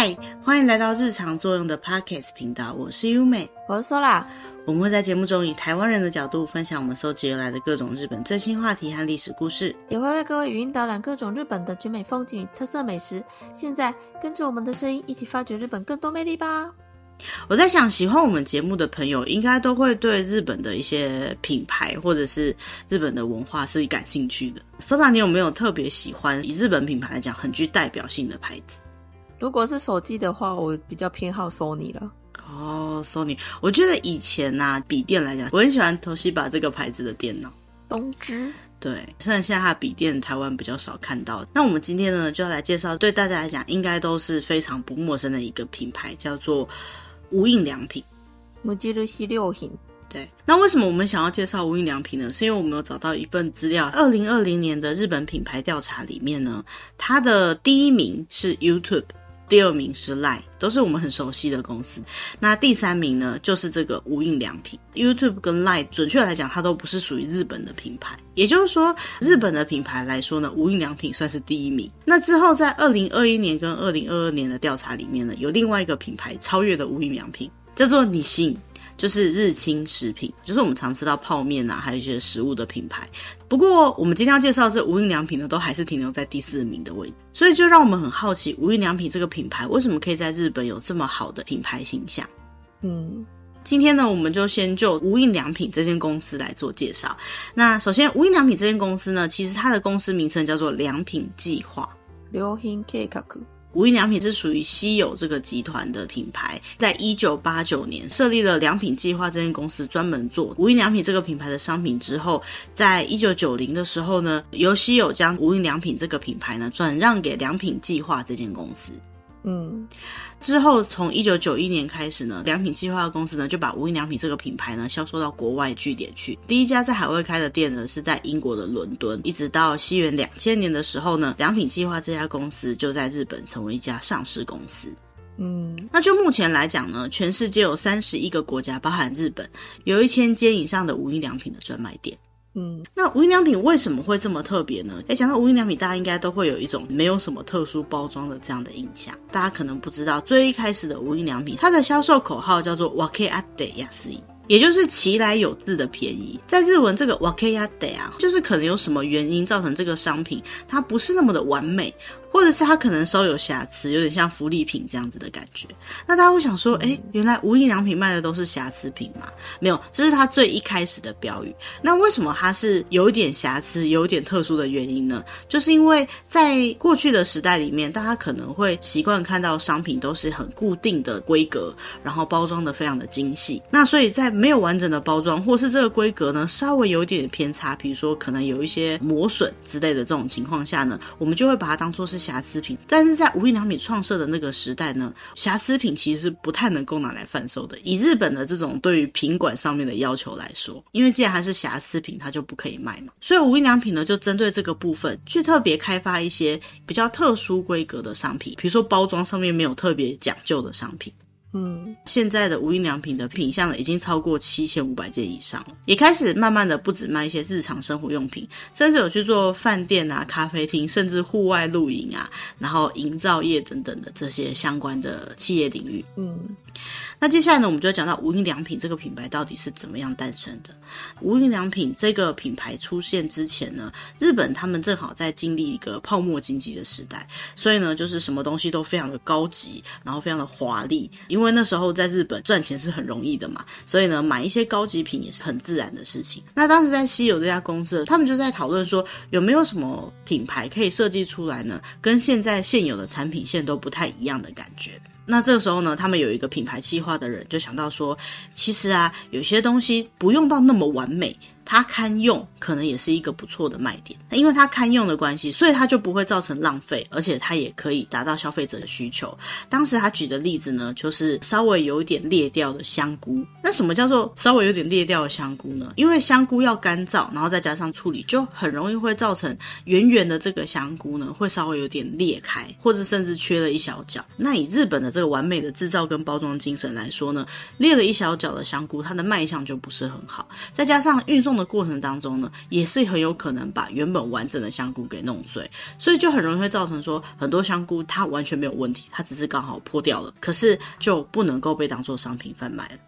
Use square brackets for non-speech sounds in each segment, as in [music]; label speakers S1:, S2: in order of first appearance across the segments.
S1: 嗨，Hi, 歡迎來到日常作用的 Podcast 頻道，我是優美。我是 Sola。我們會在節目中以台灣人的角度分享我們搜集而來的各種日本最新話題和歷史故事，
S2: 也會為各位語音導覽各種日本的絕美風景與特色美食。現在跟着我們的聲音，一起發掘日本更多魅力吧！
S1: 我在想，喜歡我們節目的朋友，應該都會對日本的一些品牌或者是日本的文化是感興趣的。Sola，你有沒有特別喜歡以日本品牌來講很具代表性的牌子？
S2: 如果是手機的話，我比較偏好索尼
S1: 了。哦，n y 我覺得以前吶、啊，筆電來講，我很喜歡東西把這個牌子的電腦。
S2: 東芝，
S1: 對，雖然現在筆電台灣比較少看到。那我們今天呢，就要來介紹對大家來講應該都是非常不陌生的一個品牌，叫做無印良品。無印六品，對。那為什麼我們想要介紹無印良品呢？是因為我們有找到一份資料，二零二零年的日本品牌調查裡面呢，它的第一名是 YouTube。第二名是 LINE，都是我們很熟悉的公司。那第三名呢，就是這個無印良品。YouTube 跟 LINE，準確來講，它都不是屬於日本的品牌。也就是說，日本的品牌來說呢，無印良品算是第一名。那之後，在二零二一年跟二零二二年的調查裡面呢，有另外一個品牌超越的無印良品，叫做你信。就是日清食品，就是我們常吃到泡面啊，還有一些食物的品牌。不過，我們今天要介紹的這無印良品呢，都還是停留在第四名的位置。所以，就讓我們很好奇，無印良品這個品牌為什麼可以在日本有這麼好的品牌形象？嗯，今天呢，我們就先就無印良品這間公司來做介紹。那首先，無印良品這間公司呢，其實它的公司名稱叫做良品計劃。良品計畫。無印良品是屬於西友這個集團的品牌，在一九八九年設立了良品計劃這間公司，專門做無印良品這個品牌的商品。之後，在一九九零的時候呢，由西友將無印良品這個品牌呢轉讓給良品計劃這間公司。
S2: 嗯，
S1: 之後從一九九一年開始呢，良品計劃公司呢就把無印良品這個品牌呢銷售到國外據點去。第一家在海外開的店呢是在英國的倫敦，一直到西元兩千年的時候呢，良品計劃這家公司就在日本成為一家上市公司。
S2: 嗯，
S1: 那就目前來講呢，全世界有三十一個國家，包含日本，有一千間以上的無印良品的專賣店。嗯，那無印良品為什麼會這麼特別呢？欸，講到無印良品，大家應該都會有一種沒有什麼特殊包裝的這樣的印象。大家可能不知道，最一開始的無印良品，它的銷售口號叫做 “wake atte, yasui”，也就是其來有自的便宜。在日文這個 “wake atte” 啊，就是可能有什麼原因造成這個商品它不是那麼的完美。或者是它可能稍有瑕疵，有點像福利品這樣子的感覺。那大家會想說，哎，原來無印良品賣的都是瑕疵品嗎？沒有，這是它最一開始的標語。那為什麼它是有一點瑕疵，有點特殊的原因呢？就是因為在過去的時代裡面，大家可能會習慣看到商品都是很固定的規格，然後包裝的非常的精細。那所以在沒有完整的包裝，或是這個規格呢，稍微有一點偏差，比如說可能有一些磨損之類的這種情況下呢，我們就會把它當做是瑕疵品，但是在無印良品創設的那個時代呢，瑕疵品其實是不太能夠拿來販售的。以日本的這種對於品管上面的要求來說，因為既然它是瑕疵品，它就不可以賣嘛。所以無印良品呢，就針對這個部分去特別開發一些比較特殊規格的商品，比如說包裝上面沒有特別講究的商品。嗯，現在的無印良品的品項，已經超過七千五百件以上，也開始慢慢的不止賣一些日常生活用品，甚至有去做飯店啊、咖啡廳，甚至戶外露營啊，然後營造業等等的這些相關的企業領域。嗯。那接下來呢，我們就要講到無印良品這個品牌到底是怎麼樣誕生的。無印良品這個品牌出現之前呢，日本他們正好在經歷一個泡沫經濟的時代，所以呢，就是什麼東西都非常的高級，然後非常的華麗。因為那時候在日本賺錢是很容易的嘛，所以呢，買一些高級品也是很自然的事情。那當時在西友這家公司，他們就在討論說有沒有什麼品牌可以設計出來呢，跟現在現有的產品線都不太一樣的感覺。那這個時候呢，他們有一個品牌計劃的人就想到說，其實啊，有些東西不用到那麼完美。它堪用可能也是一個不錯的賣點，那因為它堪用的關係，所以它就不會造成浪費，而且它也可以達到消費者的需求。當時他舉的例子呢，就是稍微有一點裂掉的香菇。那什麼叫做稍微有點裂掉的香菇呢？因為香菇要乾燥，然後再加上處理，就很容易會造成圓圓的這個香菇呢，會稍微有點裂開，或者甚至缺了一小角。那以日本的這個完美的制造跟包裝精神來說呢，裂了一小角的香菇，它的賣相就不是很好，再加上運送，的過程當中呢，也是很有可能把原本完整的香菇給弄碎，所以就很容易會造成說很多香菇它完全沒有問題，它只是剛好破掉了，可是就不能夠被當做商品販賣了。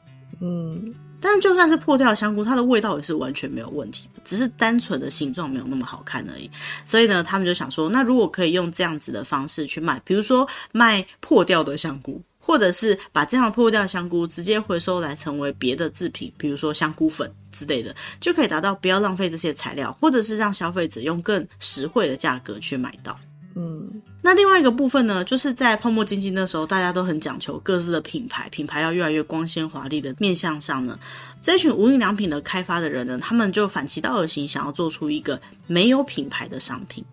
S1: 嗯，但是就算是破掉的香菇，它的味道也是完全沒有問題，只是單純的形狀沒有那麼好看而已。所以呢，他們就想說，那如果可以用這樣子的方式去賣，比如說賣破掉的香菇。或者是把這樣破掉的香菇直接回收來成為別的製品，比如說香菇粉之類的，就可以達到不要浪費這些材料，或者是讓消費者用更實惠的價格去買到。嗯，那另外一個部分呢，就是在泡沫經濟的時候，大家都很講求各自的品牌，品牌要越來越光鮮華麗的面向上呢，這群無印良品的開發的人呢，他們就反其道而行，想要做出一個沒有品牌的商品。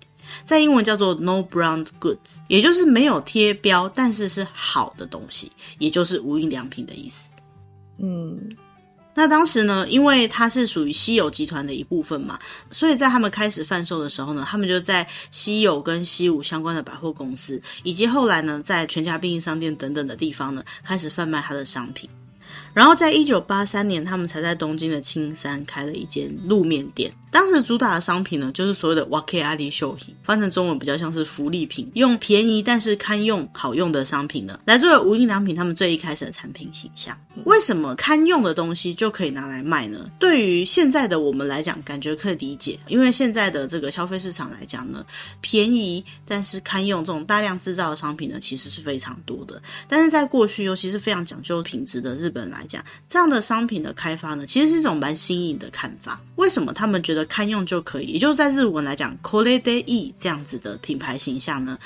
S1: 在英文叫做 No Brand Goods，也就是沒有貼標，但是是好的東西，也就是無印良品的意思。嗯，那當時呢，因為它是屬於西友集團的一部分嘛，所以在他們開始販售的時候呢，他們就在西友跟西武相關的百貨公司，以及後來呢，在全家便利商店等等的地方呢，開始販賣他的商品。然後在一九八三年，他們才在東京的青山開了一間路面店。當時主打的商品呢，就是所謂的 Wake Ari 商品，翻成中文比較像是福利品，用便宜但是堪用、好用的商品呢，來做為無印良品他們最一開始的產品形象。嗯、為什麼堪用的東西就可以拿來賣呢？對於現在的我們來講，感覺可以理解，因為現在的這個消費市場來講呢，便宜但是堪用這種大量製造的商品呢，其實是非常多的。但是在過去，尤其是非常講究品質的日本人來講，這樣的商品的開發呢，其實是一種蠻新穎的看法。為什麼他們覺得？堪用就可以，也就是在日文來講，これでいい這樣子的品牌形象呢，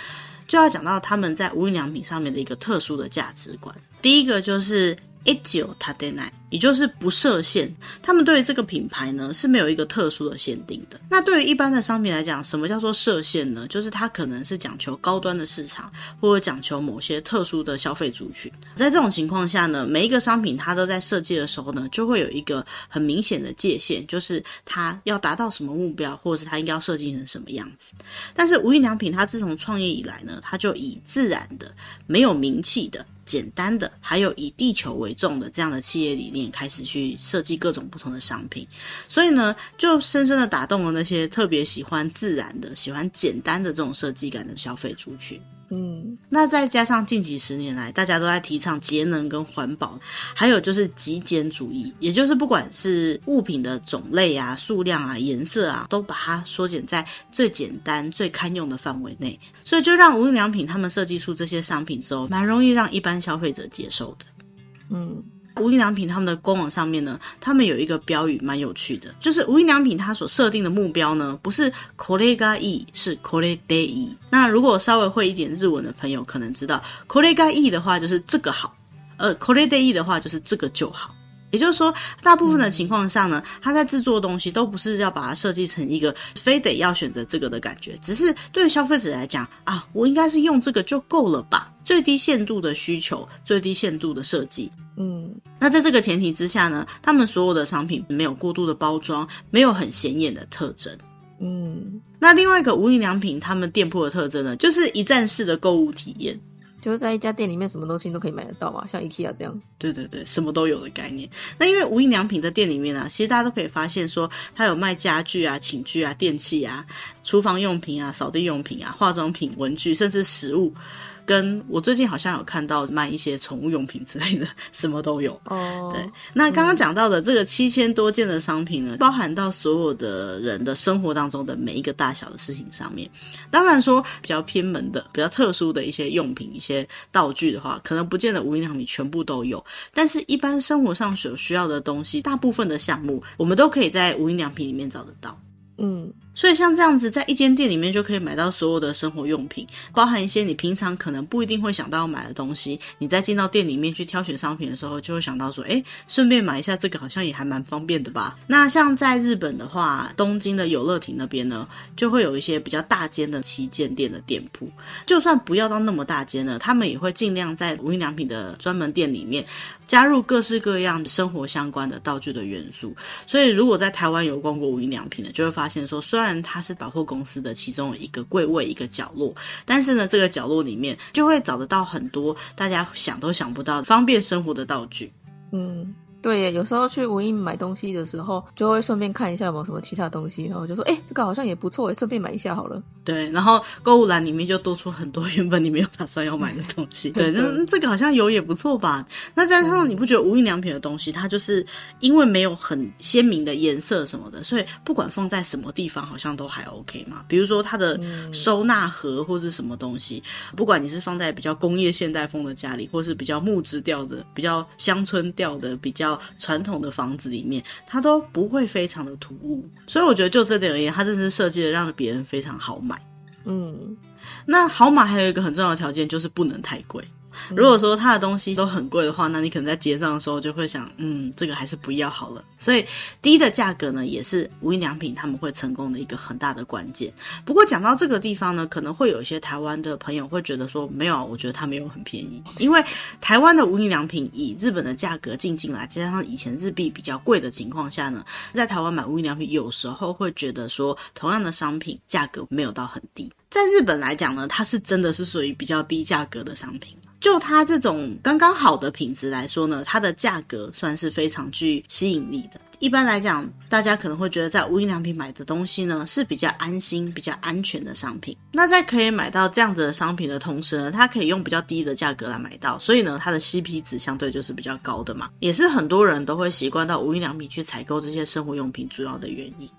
S1: 就要講到他們在無印良品上面的一個特殊的價值觀。第一個就是。一九它，對不對？也就是不設限，他們對於這個品牌呢是沒有一個特殊的限定的。那對於一般的商品來講，什麼叫做設限呢？就是它可能是講求高端的市場，或者講求某些特殊的消費族群。在這種情況下呢，每一個商品它都在設計的時候呢，就會有一個很明顯的界限，就是它要達到什麼目標，或者是它應該要設計成什麼樣子。但是無印良品它自從創業以來呢，它就以自然的、沒有名氣的。簡單的，還有以地球為重的這樣的企業理念，開始去設計各種不同的商品，所以呢，就深深的打動了那些特別喜歡自然的、喜歡簡單的這種設計感的消費族群。嗯，那再加上近幾十年來大家都在提倡節能跟環保，還有就是極簡主義，也就是不管是物品的種類啊、數量啊、顏色啊，都把它縮減在最簡單、最堪用的範圍內，所以就讓無印良品他們設計出這些商品之後，蠻容易讓一般消費者接受的。嗯。無印良品他們的官網上面呢，他們有一個標語蠻有趣的，就是無印良品它所設定的目標呢，不是これがいい，是これでいい。那如果稍微會一點日文的朋友可能知道，これがいい的話就是這個好，呃，これでいい的話就是這個就好。也就是說，大部分的情況下呢，它、嗯、在制作的東西都不是要把它設計成一個非得要選擇這個的感覺，只是對消費者來講啊，我應該是用這個就夠了吧。最低限度的需求，最低限度的設計。嗯，那在這個前提之下呢，他們所有的商品沒有過度的包裝，沒有很顯眼的特徵。嗯，那另外一個無印良品，他們店鋪的特徵呢，就是一站式的購物體驗，就是在一家店裡面什麼東西都可以買得到啊，像 IKEA 這樣。對對對，什麼都有的概念。那因為無印良品的店裡面啊，其實大家都可以發現說，它有賣家具啊、寢具啊、電器啊、廚房用品啊、掃地用品啊、化妝品、文具，甚至食物。跟我最近好像有看到賣一些寵物用品之類的，什麼都有。哦，對，那剛剛講到的這個七千多件的商品呢，嗯，包含到所有的人的生活當中的每一個大小的事情上面。當然說比較偏門的、比較特殊的一些用品、一些道具的話，可能不見得無印良品全部都有。但是，一般生活上所需要的東西，大部分的項目，我們都可以在無印良品裡面找得到。嗯。所以像這樣子，在一間店裡面就可以買到所有的生活用品，包含一些你平常可能不一定會想到要買的東西。你在進到店裡面去挑選商品的時候，就會想到說，哎、欸，順便買一下這個，好像也還蠻方便的吧。那像在日本的話，東京的有樂町那邊呢，就會有一些比較大間的旗艦店的店鋪。就算不要到那麼大間呢，他們也會儘量在無印良品的專門店裡面加入各式各樣生活相關的道具的元素。所以如果在台灣有逛過無印良品的，就會發現說，雖然雖然它是百貨公司的其中一個櫃位、一個角落，但是呢，這個角落裡面就會找得到很多大家想都想不到的方便生活的道具。
S2: 嗯。對耶，有時候去無印買東西的時候，就會順便看一下有沒有什麼其他東西，然後我就說：“哎、欸，
S1: 這個好像也不錯，也順便買一下好了。”對，然後購物籃裡面就多出很多原本你沒有打算要買的東西。對，對 [laughs] 就那這個好像有也不錯吧？那再加上你不覺得無印良品的東西，它就是因為沒有很鮮明的顏色什麼的，所以不管放在什麼地方，好像都還 OK 嘛？比如說它的收納盒或是什麼東西，不管你是放在比較工業現代風的家裡，或是比較木質調的、比較鄉村調的、比較……傳統的房子裡面，它都不會非常的突兀，所以我覺得就這點而言，它真的是設計的讓別人非常好買。嗯，那好買還有一個很重要的條件就是不能太貴。嗯、如果說他的東西都很貴的話，那你可能在結賬的時候就會想，嗯，這個還是不要好了。所以低的價格呢，也是無印良品他們會成功的一個很大的關鍵。不過講到這個地方呢，可能會有一些台灣的朋友會覺得說，沒有啊，我覺得它沒有很便宜。因為台灣的無印良品以日本的價格進進來，加上以前日幣比較貴的情況下呢，在台灣買無印良品有時候會覺得說，同樣的商品價格沒有到很低。在日本來講呢，它是真的是屬於比較低價格的商品。就它這種剛剛好的品質來說呢，它的價格算是非常具吸引力的。一般來講，大家可能會覺得在無印良品買的東西呢，是比較安心、比較安全的商品。那在可以買到這樣子的商品的同時呢，它可以用比較低的價格來買到，所以呢，它的 CP 值相對就是比較高的嘛。也是很多人都會習慣到無印良品去採購這些生活用品主要的原因。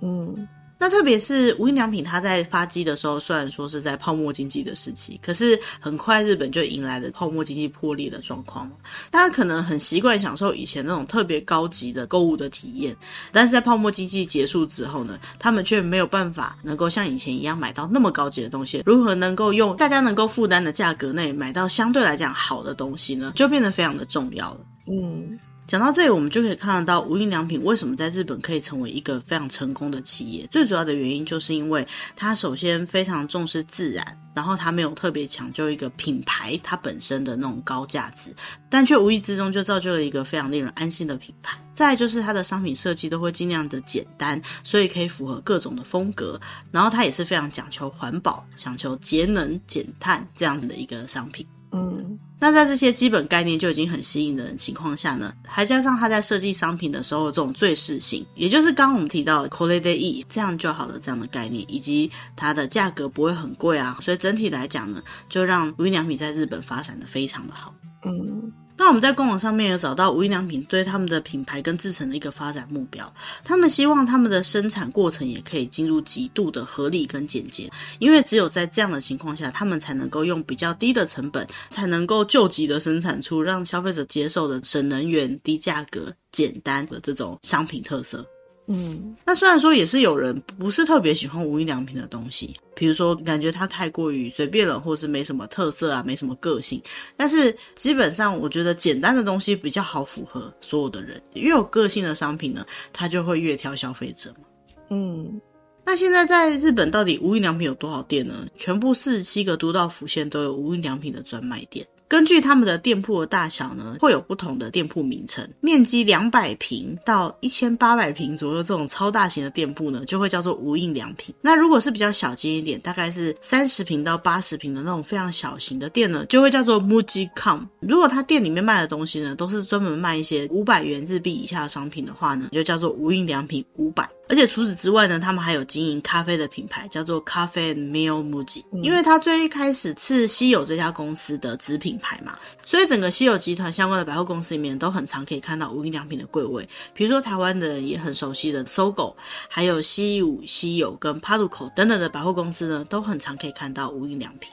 S1: 嗯。那特別是無印良品，它在發跡的時候，雖然說是在泡沫經濟的時期，可是很快日本就迎來了泡沫經濟破裂的狀況。大家可能很習慣享受以前那種特別高級的購物的體驗，但是在泡沫經濟結束之後呢，他們卻沒有辦法能夠像以前一樣買到那麼高級的東西。如何能夠用大家能夠負擔的價格內買到相對來講好的東西呢？就變得非常的重要了。嗯。講到這裡，我們就可以看得到無印良品為什麼在日本可以成為一個非常成功的企業。最主要的原因就是因為它首先非常重視自然，然後它沒有特別強求一個品牌它本身的那種高價值，但卻無意之中就造就了一個非常令人安心的品牌。再來就是它的商品設計都會盡量的簡單，所以可以符合各種的風格。然後它也是非常講求環保、講求節能減碳這樣子的一個商品。嗯，那在這些基本概念就已經很吸引的人情況下呢，還加上他在設計商品的時候的這種最適性，也就是剛剛我們提到的これでいい這樣就好了這樣的概念，以及它的價格不會很貴啊，所以整體來講呢，就讓無印良品在日本發展的非常的好。嗯。那我們在官網上面有找到無印良品對他們的品牌跟製程的一個發展目標，他們希望他們的生產過程也可以進入極度的合理跟簡潔，因為只有在這樣的情況下，他們才能夠用比較低的成本，才能夠就急的生產出讓消費者接受的省能源、低價格、簡單的這種商品特色。嗯，那雖然說也是有人不是特別喜歡無印良品的東西，比如說感覺它太過於隨便了，或是沒什麼特色啊，沒什麼個性。但是基本上我覺得簡單的東西比較好符合所有的人，越有個性的商品呢，它就會越挑消費者嘛。嗯，那現在在日本到底無印良品有多少店呢？全部四十七個都道府縣都有無印良品的專賣店。根據他們的店鋪的大小呢，會有不同的店鋪名稱。面積兩百平到一千八百平左右這種超大型的店鋪呢，就會叫做無印良品。那如果是比較小間一點，大概是三十平到八十平的那種非常小型的店呢，就會叫做 MUJI COM。如果他店裡面賣的東西呢，都是專門賣一些五百元日幣以下的商品的話呢，就叫做無印良品五百。而且除此之外呢，他們還有經營咖啡的品牌，叫做咖啡 Meal MUJI，因為他最一開始是西友這家公司的子品牌嘛，所以整個西友集團相關的百貨公司裡面都很常可以看到無印良品的櫃位。比如說台灣的人也很熟悉的 SOGO，還有西武、西友跟 PARCO 等等的百貨公司呢，都很常可以看到無印良品。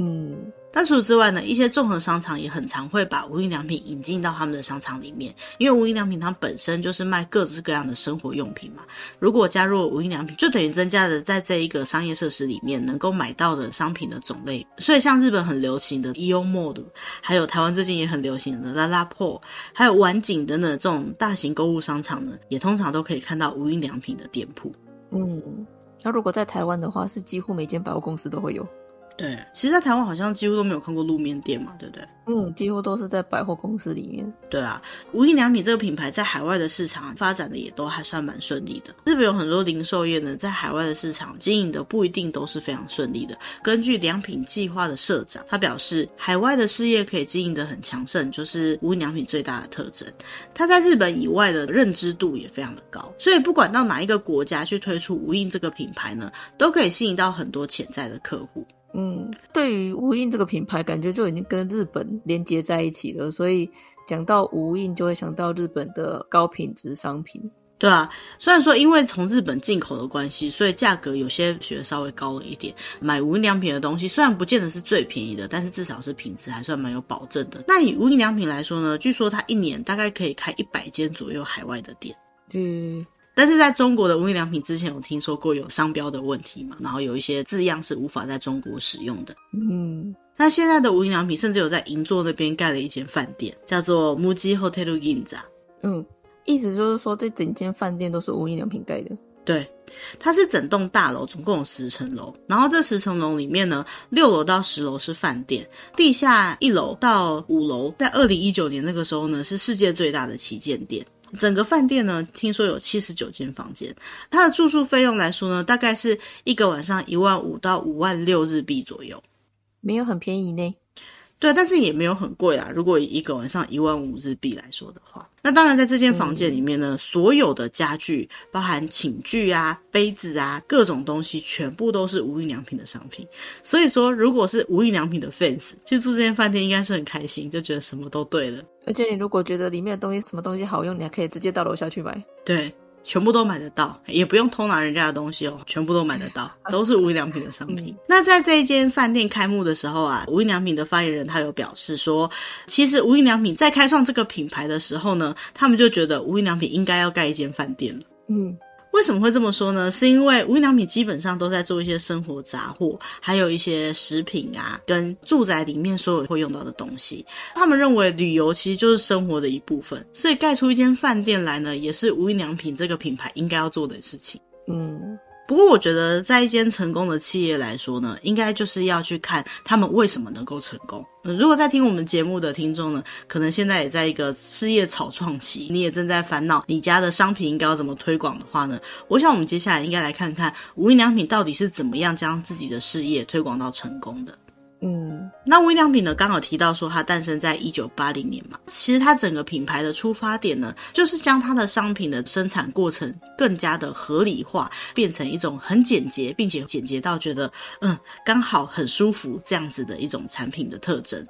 S1: 嗯，但除此之外呢，一些綜合商場也很常會把無印良品引進到他們的商場裡面，因為無印良品它本身就是賣各式各樣的生活用品嘛。如果加入了無印良品，就等於增加了在這一個商業設施裡面能夠買到的商品的種類。所以像日本很流行的 AEON Mall，還有台灣最近也很流行的 LaLaport，還有晚景等等這種大型購物商場呢，也通常都可以看到無印良品的店鋪。
S2: 嗯，那如果在台灣的話，是幾乎每間百貨公司都會有。對，其實，在台灣好像幾乎都沒
S1: 有看過路面店嘛，對不對？嗯，幾乎都是在百貨公司裡面。對啊，無印良品這個品牌在海外的市場發展的也都還算蠻順利的。日本有很多零售業呢，在海外的市場經營的不一定都是非常順利的。根據良品計劃的社長，他表示，海外的事業可以經營得很強盛，就是無印良品最大的特徵。他在日本以外的認知度也非常的高，所以不管到哪一個國家去推出無印這個品牌呢，都可以吸引到很多潛在的客戶。嗯，對於無印這個品
S2: 牌，感覺就已經跟日本連接在一起了。所以講到無印，就會想到日
S1: 本的高品質商品。對啊，雖然說因為從日本進口的關係，所以價格有些學稍微高了一點。買無印良品的東西，雖然不見得是最便宜的，但是至少是品質還算蠻有保證的。那以無印良品來說呢，據說它一年大概可以開一百間左右海外的店。
S2: 對、嗯。
S1: 但是在中國的無印良品之前有聽說過有商標的問題嘛？然後有一些字樣是無法在中國使用的。嗯，那現在的無印良品甚至有在銀座那邊蓋了一間飯店，叫做 Muji Hotel Ginza。嗯，
S2: 意思就是說這整間飯店都是無印良品蓋的。
S1: 對，它是整棟大樓，總共有十層樓。然後這十層樓裡面呢，六樓到十樓是飯店，地下一樓到五樓，在二零一九年那個時候呢，是世界最大的旗艦店。整個飯店呢，聽說有七十九間房間。它的住宿費用來說呢，大概是一個晚上一萬五到五萬六日幣左右，沒有很便宜呢。對，但是也沒有很貴啊。如果以一個晚上一萬五日幣來說的話，那當然在這間房間裡面呢，嗯、所有的家具，包含寢具啊、杯子啊，各種東西全部都是無印良品的商品。所以說，如果是無印良品的 fans，去住這間飯店應該是很開心，就覺得什麼都對了。而且你如果覺得裡面的東西什麼東西好用，你還可以直接到樓下去買。對。全部都買得到，也不用偷拿人家的東西哦。全部都買得到，都是無印良品的商品。嗯。那在這一間飯店開幕的時候啊，無印良品的發言人他有表示說，其實無印良品在開創這個品牌的時候呢，他們就覺得無印良品應該要蓋一間飯店
S2: 了。嗯。
S1: 為什麼會這麼說呢？是因為無印良品基本上都在做一些生活雜貨，還有一些食品啊，跟住宅裡面所有會用到的東西。他們認為旅遊其實就是生活的一部分，所以蓋出一間飯店來呢，也是無印良品這個品牌應該要做的事情。嗯。不過，我覺得在一間成功的企業來說呢，應該就是要去看他們為什麼能夠成功。如果在聽我們節目的聽眾呢，可能現在也在一個事業草創期，你也正在煩惱你家的商品應該要怎麼推廣的話呢？我想我們接下來應該來看看無印良品到底是怎麼樣將自己的事業推廣到成功的。嗯，那微量品呢，剛好提到說它誕生在一九八零年嘛，其實它整個品牌的出發點呢，就是將它的商品的生產過程更加的合理化，變成一種很簡潔，並且簡潔到覺得，嗯，剛好很舒服這樣子的一種產品的特徵。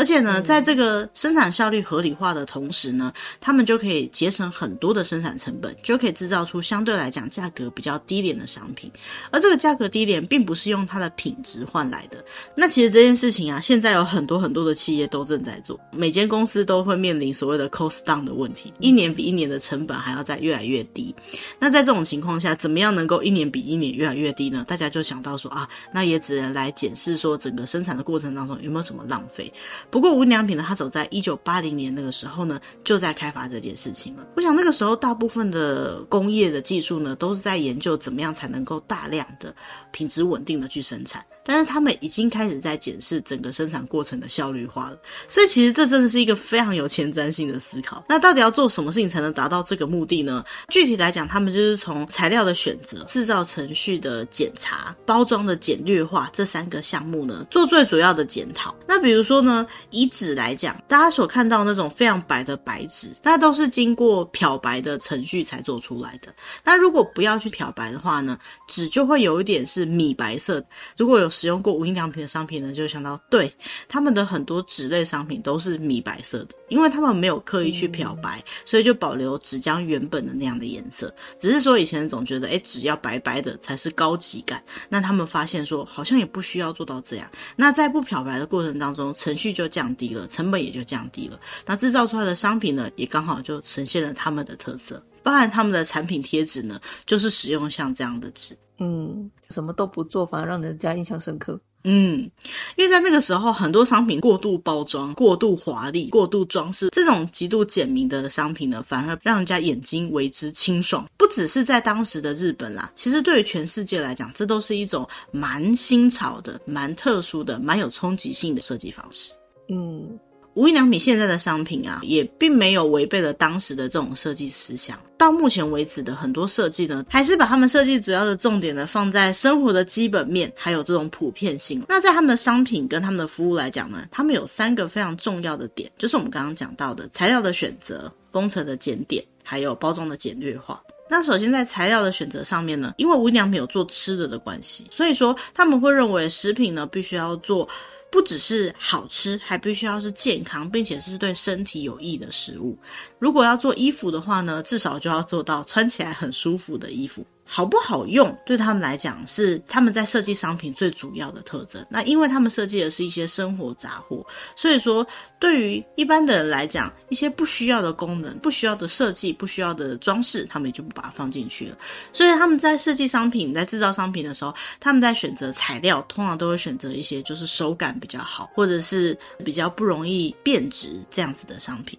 S1: 而且呢，在這個生產效率合理化的同時呢，他們就可以節省很多的生產成本，就可以製造出相對來講價格比較低廉的商品。而這個價格低廉，並不是用它的品質換來的。那其實這件事情啊，現在有很多很多的企業都正在做，每間公司都會面臨所謂的 cost down 的問題，一年比一年的成本還要再越來越低。那在這種情況下，怎麼樣能夠一年比一年越來越低呢？大家就想到說啊，那也只能來檢視說整個生產的過程當中有沒有什麼浪費。不過無印良品呢，它早在一九八零年那個時候呢，就在開發這件事情了。我想那個時候，大部分的工業的技術呢，都是在研究怎麼樣才能夠大量的、品質穩定的去生產。但是他們已經開始在檢視整個生產過程的效率化了，所以其實這真的是一個非常有前瞻性的思考。那到底要做什麼事情才能達到這個目的呢？具體來講，他們就是從材料的選擇、製造程序的檢查、包裝的簡略化這三個項目呢，做最主要的檢討。那比如說呢，以紙來講，大家所看到那種非常白的白紙，那都是經過漂白的程序才做出來的。那如果不要去漂白的話呢，紙就會有一點是米白色。如果有使用過無印良品的商品呢，就想到對他們的很多紙類商品都是米白色的，因為他們沒有刻意去漂白，所以就保留紙漿原本的那樣的顏色。只是說以前總覺得，誒、欸，紙要白白的才是高級感。那他們發現說，好像也不需要做到這樣。那在不漂白的過程當中，程序就降低了，成本也就降低了。那制造出來的商品呢，也剛好就呈現了他們的特色。當然，他們的產品貼紙呢，就是使用像這樣的紙，嗯，什麼都不做，反而
S2: 讓人家印象深刻，嗯，
S1: 因為在那個時候，很多商品過度包裝、過度華麗、過度裝飾，這種極度簡明的商品呢，反而讓人家眼睛為之清爽。不只是在當時的日本啦，其實對於全世界來講，這都是一種蠻新潮的、蠻特殊的、蠻有衝擊性的設計方式，
S2: 嗯。
S1: 無印良品現在的商品啊，也並沒有違背了當時的這種設計思想。到目前為止的很多設計呢，還是把他們設計主要的重點呢，放在生活的基本面，還有這種普遍性。那在他們的商品跟他們的服務來講呢，他們有三個非常重要的點，就是我們剛剛講到的材料的選擇、工程的檢點，還有包裝的簡略化。那首先在材料的選擇上面呢，因為無印良品有做吃的的關係，所以說他們會認為食品呢，必須要做。不只是好吃，還必須要是健康，並且是對身體有益的食物。如果要做衣服的話呢，至少就要做到穿起來很舒服的衣服。好不好用，對他們來講是他們在設計商品最主要的特徵。那因為他們設計的是一些生活雜貨，所以說對於一般的人來講，一些不需要的功能、不需要的設計、不需要的裝飾，他們也就不把它放進去了。所以他們在設計商品、在製造商品的時候，他們在選擇材料，通常都會選擇一些就是手感比較好，或者是比較不容易變質這樣子的商品。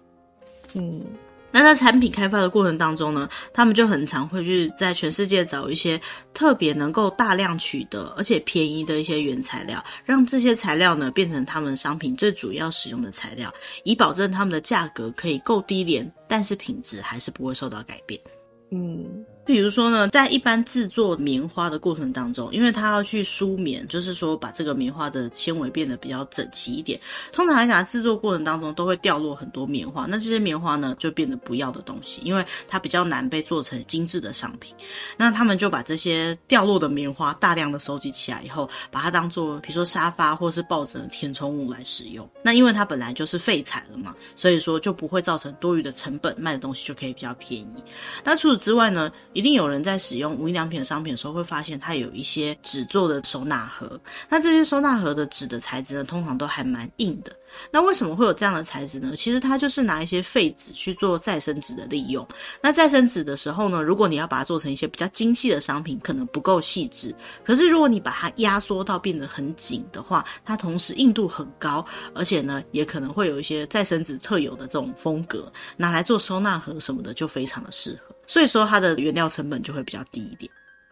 S1: 嗯。那在產品開發的過程當中呢，他們就很常會去在全世界找一些特別能夠大量取得而且便宜的一些原材料，讓這些材料呢變成他們商品最主要使用的材料，以保證他們的價格可以夠低廉，但是品質還是不會受到改變。嗯。比如說呢，在一般製作棉花的過程當中，因為它要去梳棉，就是說把這個棉花的纖維變得比較整齊一點。通常來講，製作過程當中都會掉落很多棉花，那這些棉花呢，就變得不要的東西，因為它比較難被做成精緻的商品。那他們就把這些掉落的棉花大量的收集起來以後，把它當做比如說沙發或是抱枕填充物來使用。那因為它本來就是廢材了嘛，所以說就不會造成多餘的成本，賣的東西就可以比較便宜。那除此之外呢？一定有人在使用無印良品的商品的時候，會發現它有一些紙做的收納盒。那這些收納盒的紙的材質呢，通常都還蠻硬的。那為什麼會有這樣的材質呢？其實它就是拿一些廢紙去做再生紙的利用。那再生紙的時候呢，如果你要把它做成一些比較精細的商品，可能不夠細緻。可是如果你把它壓縮到變得很緊的話，它同時硬度很高，而且呢，也可能會有一些再生紙特有的這種風格，拿來做收納盒什麼的，就非常的適合。所以說它的原料成本就會比較低一點，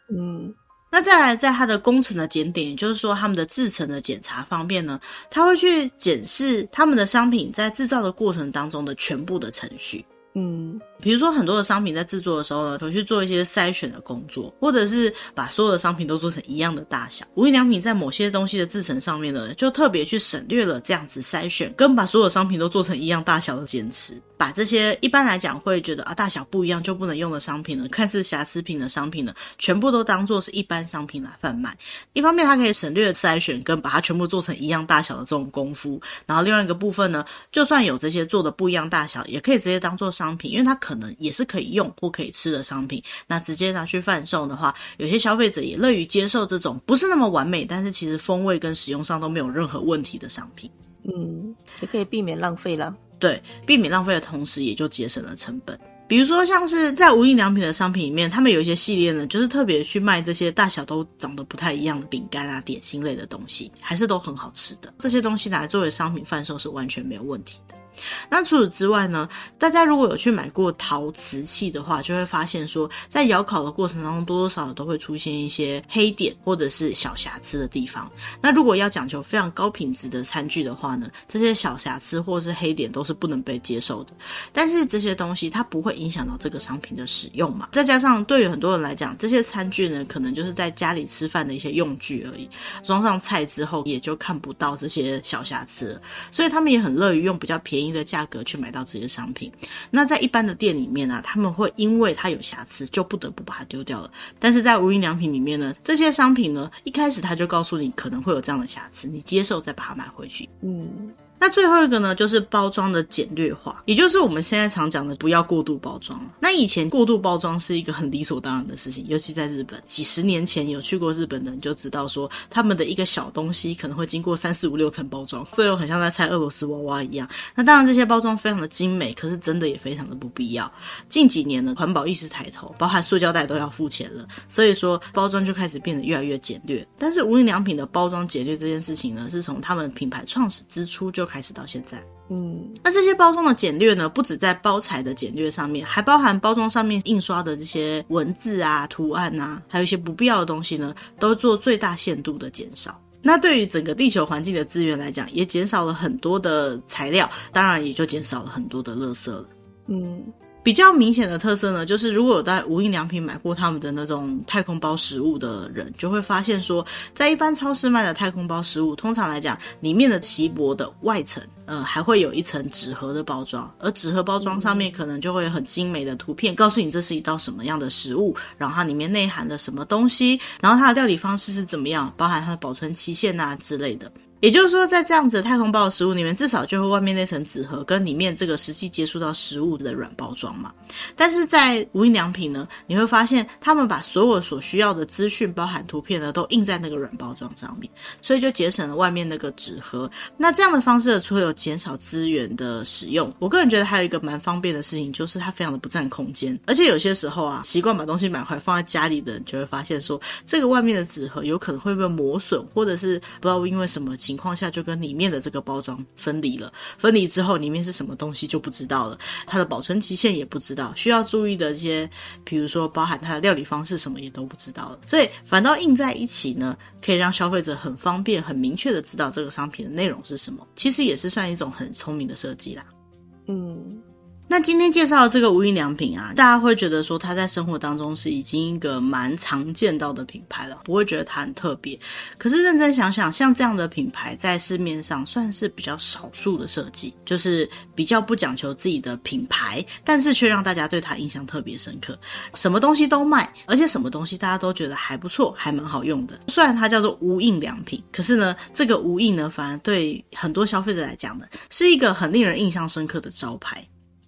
S1: 嗯，那再來在它的工程的檢點，也就是說他們的製程的檢查方面呢，他會去檢視他們的商品在製造的過程當中的全部的程序，嗯。比如說，很多的商品在製作的時候呢，會去做一些篩選的工作，或者是把所有的商品都做成一樣的大小。無印良品在某些東西的製程上面呢，就特別去省略了這樣子篩選，跟把所有的商品都做成一樣大小的堅持。把這些一般來講會覺得啊，大小不一樣就不能用的商品呢，看似瑕疵品的商品呢，全部都當做是一般商品來販賣。一方面，它可以省略篩選，跟把它全部做成一樣大小的這種功夫。然後，另外一個部分呢，就算有這些做的不一樣大小，也可以直接當做商品，因為它可。可能也是可以用或可以吃的商品，那直接拿去販售的話，有些消費者也樂於接受這種不是那麼完美，但是其實風味跟使用上都沒有任何問題的商品。
S2: 嗯，也可以避免浪費啦。
S1: 對，避免浪費的同時，也就節省了成本。比如說，像是在無印良品的商品裡面，他們有一些系列呢，就是特別去賣這些大小都長得不太一樣的餅乾啊、點心類的東西，還是都很好吃的。這些東西拿來作為商品販售是完全沒有問題的。那除此之外呢？大家如果有去買過陶瓷器的話，就會發現說，在窯烤的過程當中，多多少少都會出現一些黑點或者是小瑕疵的地方。那如果要講求非常高品質的餐具的話呢，這些小瑕疵或者是黑點都是不能被接受的。但是這些東西它不會影響到這個商品的使用嘛？再加上對於很多人來講，這些餐具呢，可能就是在家裡吃飯的一些用具而已，裝上菜之後也就看不到這些小瑕疵了。所以他們也很樂於用比較便宜。一個價格去買到這些商品，那在一般的店裡面呢、啊，他們會因為他有瑕疵，就不得不把它丟掉了。但是在無印良品裡面呢，這些商品呢，一開始他就告訴你可能會有這樣的瑕疵，你接受再把它買回去。嗯。那最後一個呢，就是包裝的簡略化，也就是我們現在常講的不要過度包裝。那以前過度包裝是一個很理所當然的事情，尤其在日本，幾十年前有去過日本的人就知道說，說他們的一個小東西可能會經過三四五六層包裝，最後很像在拆俄羅斯娃娃一樣。那當然這些包裝非常的精美，可是真的也非常的不必要。近幾年呢，環保意識抬頭，包含塑膠袋都要付錢了，所以說包裝就開始變得越來越簡略。但是無印良品的包裝簡略這件事情呢，是從他們品牌創始之初就。開始到現在，嗯，那這些包裝的簡略呢，不只在包材的簡略上面，還包含包裝上面印刷的這些文字啊、圖案啊，還有一些不必要的東西呢，都做最大限度的減少。那對於整個地球環境的資源來講，也減少了很多的材料，當然也就減少了很多的垃圾了，嗯。比較明顯的特色呢，就是如果有在無印良品買過他們的那種太空包食物的人，就會發現說，在一般超市賣的太空包食物，通常來講，裡面的錫箔的外層，呃，還會有一層紙盒的包裝，而紙盒包裝上面可能就會有很精美的圖片，告訴你這是一道什麼樣的食物，然後它裡面內含的什麼東西，然後它的料理方式是怎麼樣，包含它的保存期限吶啊之類的。也就是說，在這樣子的太空包的食物裡面，至少就會外面那層紙盒跟裡面這個實際接觸到食物的軟包裝嘛。但是在無印良品呢，你會發現他們把所有所需要的資訊，包含圖片呢，都印在那個軟包裝上面，所以就節省了外面那個紙盒。那這樣的方式呢，除了有減少資源的使用，我個人覺得還有一個蠻方便的事情，就是它非常的不占空間，而且有些時候啊，習慣把東西買回來放在家裡的人，就會發現說，這個外面的紙盒有可能會被磨損，或者是不知道因為什麼。情況下就跟裡面的這個包裝分離了，分離之後裡面是什麼東西就不知道了，它的保存期限也不知道，需要注意的一些，比如說包含它的料理方式什麼也都不知道了，所以反倒印在一起呢，可以讓消費者很方便、很明確的知道這個商品的內容是什麼，其實也是算一種很聰明的設計啦。嗯。那今天介紹的這個無印良品啊，大家會覺得說它在生活當中是已經一個蠻常見到的品牌了，不會覺得它很特別。可是認真想想，像這樣的品牌在市面上算是比較少數的設計，就是比較不講求自己的品牌，但是卻讓大家對它印象特別深刻。什麼東西都賣，而且什麼東西大家都覺得還不錯，還蠻好用的。雖然它叫做無印良品，可是呢，這個無印呢，反而對很多消費者來講呢，是一個很令人印象深刻的招牌。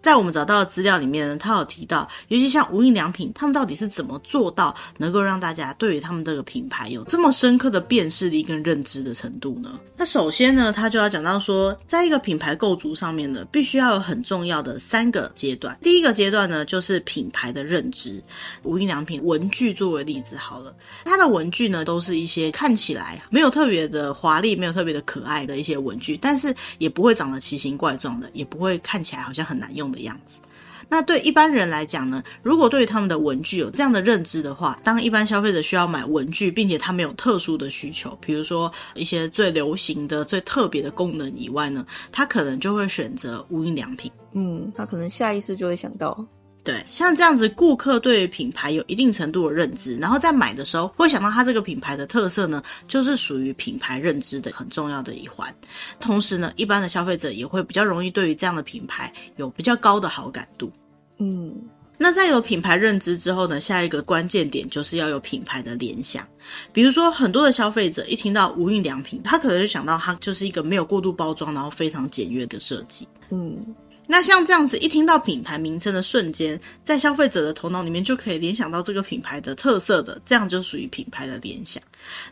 S1: 在我們找到的資料裡面呢，他有提到，尤其像無印良品，他們到底是怎麼做到能夠讓大家對於他們這個品牌有這麼深刻的辨識力跟認知的程度呢？那首先呢，他就要講到說，在一個品牌構築上面呢，必須要有很重要的三個階段。第一個階段呢，就是品牌的認知。無印良品文具作為例子好了，它的文具呢，都是一些看起來沒有特別的華麗，沒有特別的可愛的一些文具，但是也不會長得奇形怪狀的，也不會看起來好像很難用的。的樣子，那對一般人來講呢，如果對於他們的文具有這樣的認知的話，當一般消費者需要買文具，並且他們有特殊的需求，比如說一些最流行的、最特別的功能以外呢，他可能就會選擇無印良品。嗯，
S2: 他可能下意識就會想到。
S1: 對，像這樣子，顧客對於品牌有一定程度的認知，然後在買的時候會想到他這個品牌的特色呢，就是屬於品牌認知的很重要的一環。同時呢，一般的消費者也會比較容易對於這樣的品牌有比較高的好感度。嗯，那在有品牌認知之後呢，下一個關鍵點就是要有品牌的聯想。比如說，很多的消費者一聽到無印良品，他可能就想到它就是一個沒有過度包裝，然後非常簡約的設計。嗯。那像這樣子，一聽到品牌名稱的瞬間，在消費者的頭腦裡面就可以聯想到這個品牌的特色的，這樣就屬於品牌的聯想。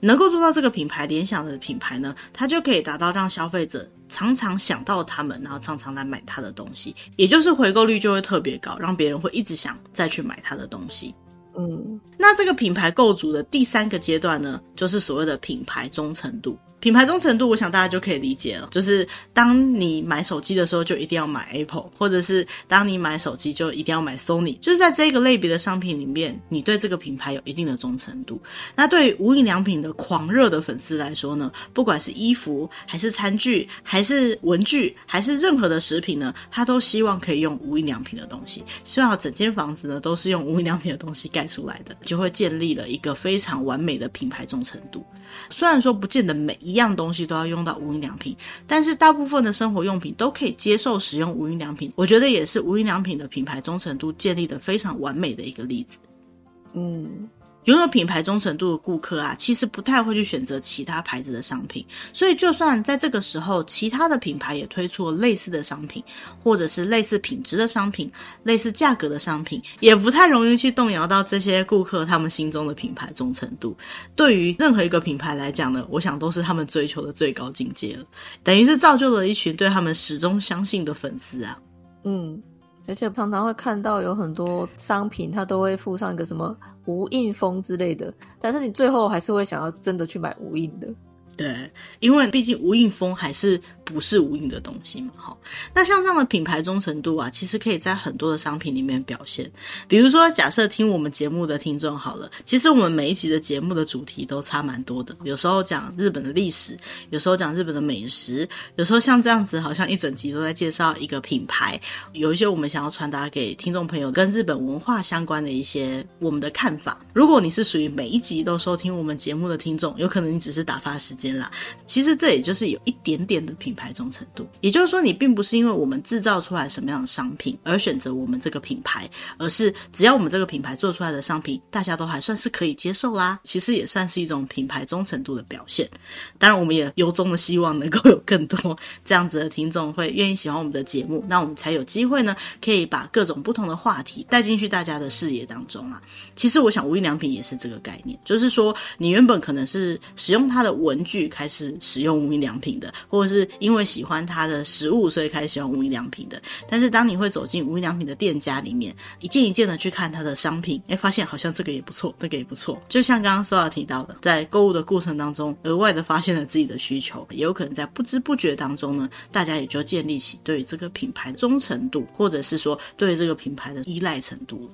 S1: 能夠做到這個品牌聯想的品牌呢，它就可以達到讓消費者常常想到他們，然後常常來買他的東西，也就是回購率就會特別高，讓別人會一直想再去買他的東西。嗯，那這個品牌構築的第三個階段呢，就是所謂的品牌忠誠度。品牌忠誠度，我想大家就可以理解了，就是當你買手機的時候，就一定要買 Apple，或者是當你買手機就一定要買 Sony，就是在這個類別的商品裡面，你對這個品牌有一定的忠誠度。那對於無印良品的狂熱的粉絲來說呢，不管是衣服，還是餐具，還是文具，還是任何的食品呢，他都希望可以用無印良品的東西，希望整間房子呢都是用無印良品的東西蓋出來的，就會建立了一個非常完美的品牌忠誠度。雖然說不見得每一一樣東西都要用到無印良品，但是大部分的生活用品都可以接受使用無印良品，我覺得也是無印良品的品牌忠誠度建立的非常完美的一個例子。嗯。擁有品牌忠誠度的顧客啊，其實不太會去選擇其他牌子的商品，所以就算在這個時候，其他的品牌也推出了類似的商品，或者是類似品質的商品，類似價格的商品，也不太容易去動搖到這些顧客他們心中的品牌忠誠度。對於任何一個品牌來講呢，我想都是他們追求的最高境界了，等於是造就了一群對他們始終相信的粉絲啊，嗯。
S2: 而且我常常會看到有很多商品，它都會附上一個什麼無印風之類的，
S1: 但是你最後還是會想要真的去買無印的。對，因為畢竟無印風還是。不是無印的東西嘛？好，那像這樣的品牌忠誠度啊，其實可以在很多的商品裡面表現。比如說，假設聽我們節目的聽眾好了，其實我們每一集的節目的主題都差蠻多的。有時候講日本的歷史，有時候講日本的美食，有時候像這樣子，好像一整集都在介紹一個品牌。有一些我們想要傳達給聽眾朋友跟日本文化相關的一些我們的看法。如果你是屬於每一集都收聽我們節目的聽眾，有可能你只是打發時間啦。其實這也就是有一點點的品牌。品牌忠誠度，也就是說，你並不是因為我們製造出來什麼樣的商品而選擇我們這個品牌，而是只要我們這個品牌做出來的商品，大家都還算是可以接受啦，其實也算是一種品牌忠誠度的表現。當然，我們也由衷的希望能夠有更多這樣子的聽眾會願意喜歡我們的節目，那我們才有機會呢，可以把各種不同的話題帶進去大家的視野當中啊。其實，我想無印良品也是這個概念，就是說，你原本可能是使用它的文具開始使用無印良品的，或者是。因為喜歡它的食物，所以開始喜歡無印良品的。但是當你會走進無印良品的店家裡面，一件一件的去看它的商品，哎，發現好像這個也不錯，那、這個也不錯。就像剛剛說要提到的，在購物的過程當中，額外的發現了自己的需求，也有可能在不知不覺當中呢，大家也就建立起對於這個品牌的忠誠度，或者是說對於這個品牌的依賴程度。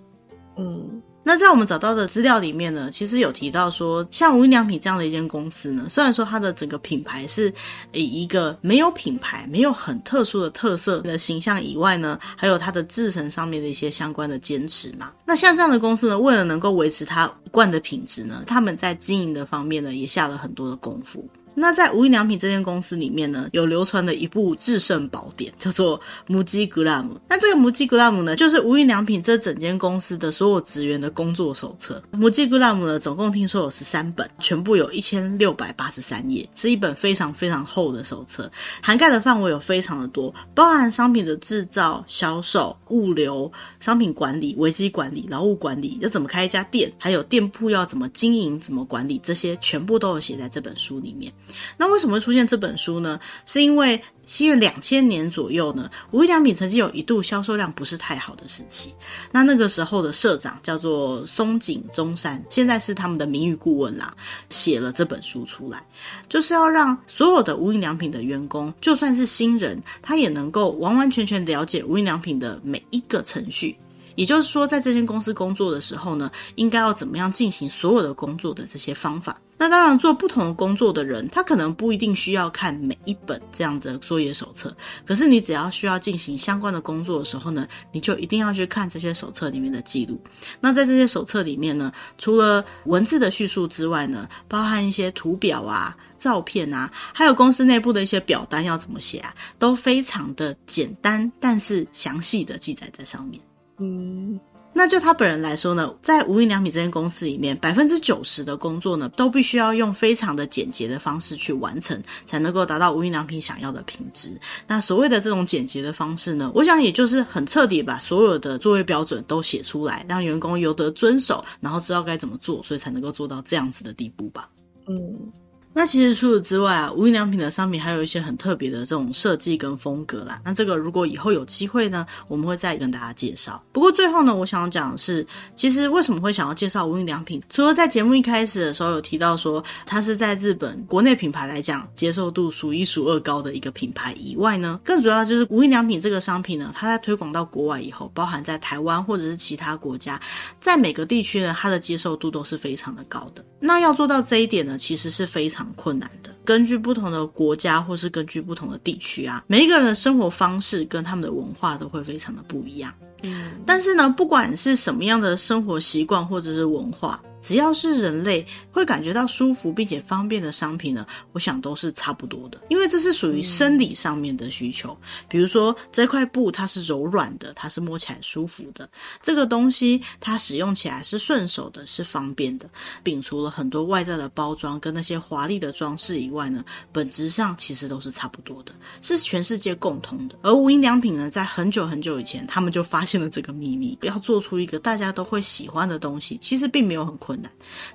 S1: 嗯。那在我們找到的資料裡面呢，其實有提到說，像無印良品這樣的一間公司呢，雖然說它的整個品牌是以一個沒有品牌、沒有很特殊的特色的形象以外呢，還有它的制程上面的一些相關的堅持嘛。那像這樣的公司呢，為了能夠維持它一貫的品質呢，他們在經營的方面呢，也下了很多的功夫。那在無印良品這間公司裡面呢，有流傳的一部制勝寶典，叫做《MUJIGRAM》。那這個《MUJIGRAM》呢，就是無印良品這整間公司的所有職員的工作手冊。《MUJIGRAM》呢，總共聽說有十三本，全部有一千六百八十三頁，是一本非常非常厚的手冊，涵蓋的範圍有非常的多，包含商品的製造、銷售、物流、商品管理、危機管理、勞務管理，要怎麼開一家店，還有店鋪要怎麼經營、怎麼管理，這些全部都有寫在這本書裡面。那為什麼會出現這本書呢？是因為西元兩千年左右呢，無印良品曾經有一度銷售量不是太好的時期。那那個時候的社長叫做松井中山，現在是他們的名譽顧問啦、啊，寫了這本書出來，就是要讓所有的無印良品的員工，就算是新人，他也能夠完完全全了解無印良品的每一個程序。也就是說，在這間公司工作的時候呢，應該要怎麼樣進行所有的工作的這些方法。那當然，做不同的工作的人，他可能不一定需要看每一本這樣的作業手冊。可是，你只要需要進行相關的工作的時候呢，你就一定要去看這些手冊裡面的記錄。那在這些手冊裡面呢，除了文字的敘述之外呢，包含一些圖表啊、照片啊，還有公司內部的一些表單要怎麼寫啊，都非常的簡單，但是詳細的記載在上面。嗯，那就他本人來說呢，在無印良品這間公司裡面，百分之九十的工作呢，都必須要用非常的簡潔的方式去完成，才能夠達到無印良品想要的品質。那所謂的這種簡潔的方式呢，我想也就是很徹底把所有的作業標準都寫出來，讓員工有得遵守，然後知道該怎麼做，所以才能夠做到這樣子的地步吧。嗯。那其實除此之外啊，無印良品的商品還有一些很特別的這種設計跟風格啦。那這個如果以後有機會呢，我們會再跟大家介紹。不過最後呢，我想講的是，其實為什麼會想要介紹無印良品？除了在節目一開始的時候有提到說它是在日本國內品牌來講接受度數一數二高的一個品牌以外呢，更主要就是無印良品這個商品呢，它在推廣到國外以後，包含在台灣或者是其他國家，在每個地區呢，它的接受度都是非常的高的。那要做到這一點呢，其實是非常。蠻困難的，根據不同的國家或是根據不同的地區啊，每一個人的生活方式跟他們的文化都會非常的不一樣。嗯，但是呢，不管是什麼樣的生活習慣或者是文化。只要是人類會感覺到舒服並且方便的商品呢，我想都是差不多的，因為這是屬於生理上面的需求。比如說這塊布它是柔軟的，它是摸起來舒服的，這個東西它使用起來是順手的，是方便的。摒除了很多外在的包裝跟那些華麗的裝飾以外呢，本質上其實都是差不多的，是全世界共同的。而無印良品呢，在很久很久以前，他們就發現了這個祕密：要做出一個大家都會喜歡的東西，其實並沒有很困難。困難，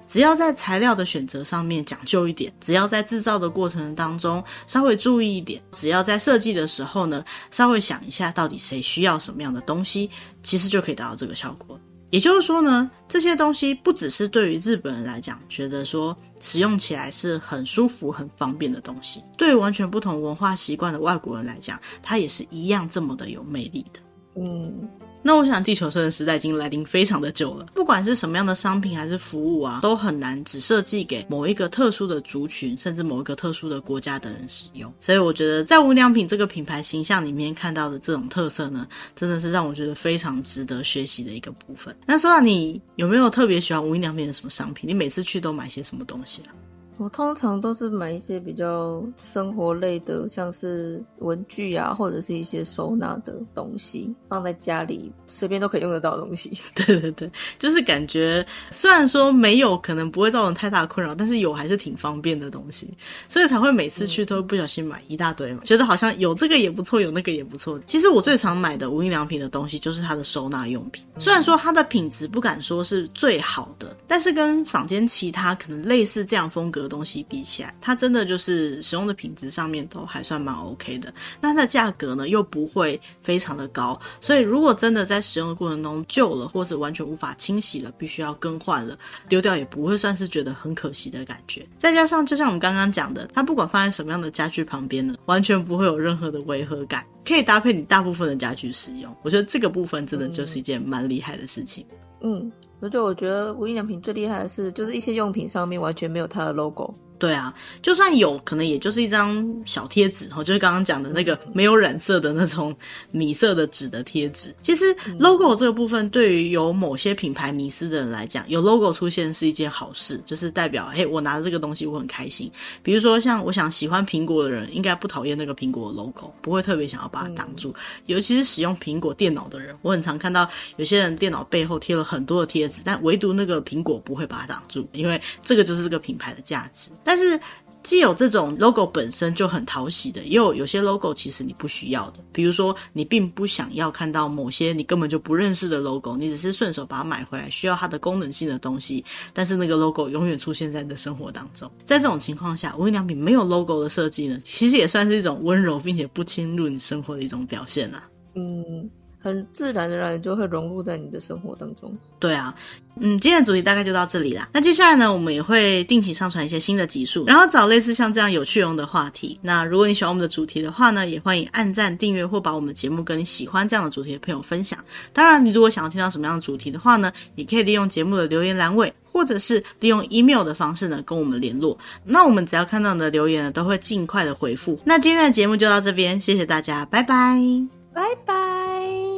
S1: 只要在材料的選擇上面講究一點，只要在制造的過程當中稍微注意一點，只要在設計的時候呢，稍微想一下到底誰需要什麼樣的東西，其實就可以達到這個效果。也就是說呢，這些東西不只是對於日本人來講覺得說使用起來是很舒服、很方便的東西，對於完全不同文化習慣的外國人來講，它也是一樣這麼的有魅力的。嗯。那我想，地球村的時代已經來臨，非常的久了。不管是什麼樣的商品還是服務啊，都很難只設計給某一個特殊的族群，甚至某一個特殊的國家的人使用。所以，我覺得在無印良品這個品牌形象裡面看到的這種特色呢，真的是讓我覺得非常值得學習的一個部分。那說到，你有沒有特別喜歡無印良品的什麼商品？你每次去都買些什麼東西啊？
S2: 我通常都是買一些比較生活類的，像是文具啊，或者是一些收納的東西，放在家裡隨
S1: 便都可以用得到的東西。對對對，就是感覺雖然說沒有可能不會造成太大困擾，但是有還是挺方便的東西，所以才會每次去都不小心買一大堆嘛。嗯。覺得好像有這個也不錯，有那個也不錯。其實我最常買的無印良品的東西就是它的收納用品，雖然說它的品質不敢說是最好的，但是跟坊間其他可能類似這樣風格。東西比起來，它真的就是使用的品質上面都還算蠻 OK 的，那它的價格呢又不會非常的高，所以如果真的在使用的過程中舊了或者完全無法清洗了，必須要更換了，丟掉也不會算是覺得很可惜的感覺。再加上就像我們剛剛講的，它不管放在什麼樣的家具旁邊呢，完全不會有任何的違和感，可以搭配你大部分的家具使用，我覺得這個部分真的就是一件蠻厲害的事情。嗯。
S2: 嗯。而且我覺得無印良品最厲害的是，就是一些用品上面完全沒有它的 logo。
S1: 對啊，就算有，可能，也就是一張小貼紙哈，就是剛剛講的那個沒有染色的那種米色的紙的貼紙。其實，logo 這個部分對於有某些品牌迷思的人來講，有 logo 出現是一件好事，就是代表，嘿，我拿着這個東西我很開心。比如說，像我想喜歡蘋果的人，應該不討厭那個蘋果的 logo，不會特別想要把它擋住。尤其是使用蘋果電腦的人，我很常看到有些人電腦背後貼了很多的貼紙，但唯獨那個蘋果不會把它擋住，因為這個就是這個品牌的價值。但是，既有這種 logo 本身就很討喜的，也有有些 logo 其實你不需要的。比如說，你並不想要看到某些你根本就不認識的 logo，你只是順手把它買回來，需要它的功能性的東西。但是那個 logo 永遠出現在你的生活當中。在這種情況下，無印良品沒有 logo 的設計呢，其實也算是一種溫柔並且不侵入你生活的一種表現啊。嗯。
S2: 很自然的，讓你就會融入在你的生活當中。
S1: 對啊，嗯，今天的主題大概就到這裡啦。那接下來呢，我們也會定期上傳一些新的集數，然後找類似像這樣有趣用的話題。那如果你喜歡我們的主題的話呢，也歡迎按讚、訂閱或把我們的節目跟你喜歡這樣的主題的朋友分享。當然，你如果想要聽到什麼樣的主題的話呢，你可以利用節目的留言欄位，或者是利用 email 的方式呢，跟我們聯絡。那我們只要看到你的留言呢，都會盡快的回覆。那今天的節目就到這邊，謝謝大家，拜拜，拜拜。